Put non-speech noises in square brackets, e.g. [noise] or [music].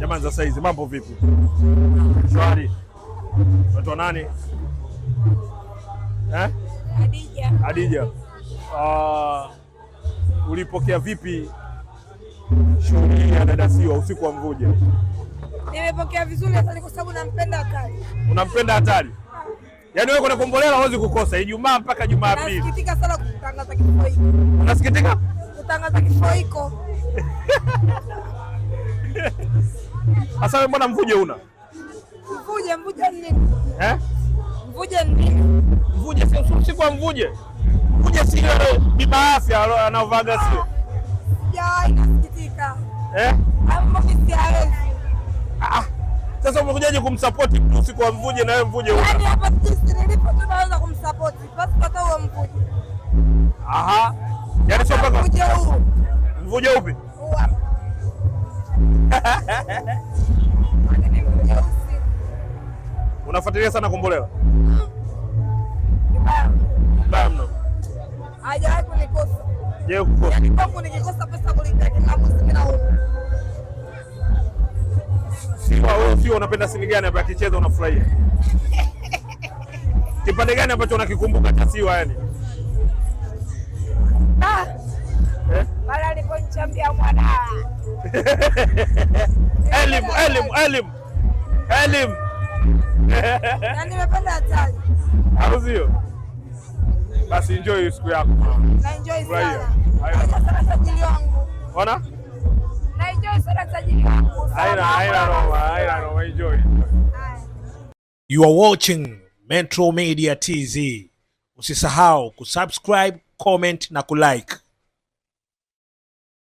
Jamani za saizi mambo vipi? Shwari. Unaitwa nani? Eh? Hadija. Uh, ulipokea vipi shughuli ya dada Siwa usiku wa mvuje? Nimepokea vizuri kwa sababu nampenda hatari. Unampenda hatari? Yaani wewe kuna kombolela huwezi kukosa Ijumaa mpaka Jumapili. Nasikitika sana kutangaza kifo hiki. Unasikitika? Kutangaza kifo hiko. [laughs] Sasa wewe mbona mvuje una? Mvuje mvuje nini? Eh? Mvuje nini? Mvuje sio sio kwa mvuje. Mvuje si yule bima afya anaovaga sio? Ya inasikitika. Eh? Ambo sisi kisi Ah. Sasa umekujaje kumsupport mtusi kwa mvuje na wewe mvuje una? Yaani hapa sisi nilipo tunaweza kumsupport. Basi kata huo mvuje. Aha. Yaani sio mpaka mvuje huu. Mvuje upi? Huu [laughs] Unafuatilia sana Kombolela? Yaani nikikosa pesa sio unapenda sini gani hapa akicheza unafurahia? [laughs] Kipande gani ambacho unakikumbuka cha Siwa yani? Ah. Eh? mwana. [laughs] Elimu, elimu, elimu. Elimu. [laughs] na nimependa hatari, au sio? Basi enjoy siku yako, na enjoy sana sajili wangu, ona na enjoy sana sajili wangu, enjoy. You are watching Metro Media TV. Usisahau kusubscribe, comment na kulike.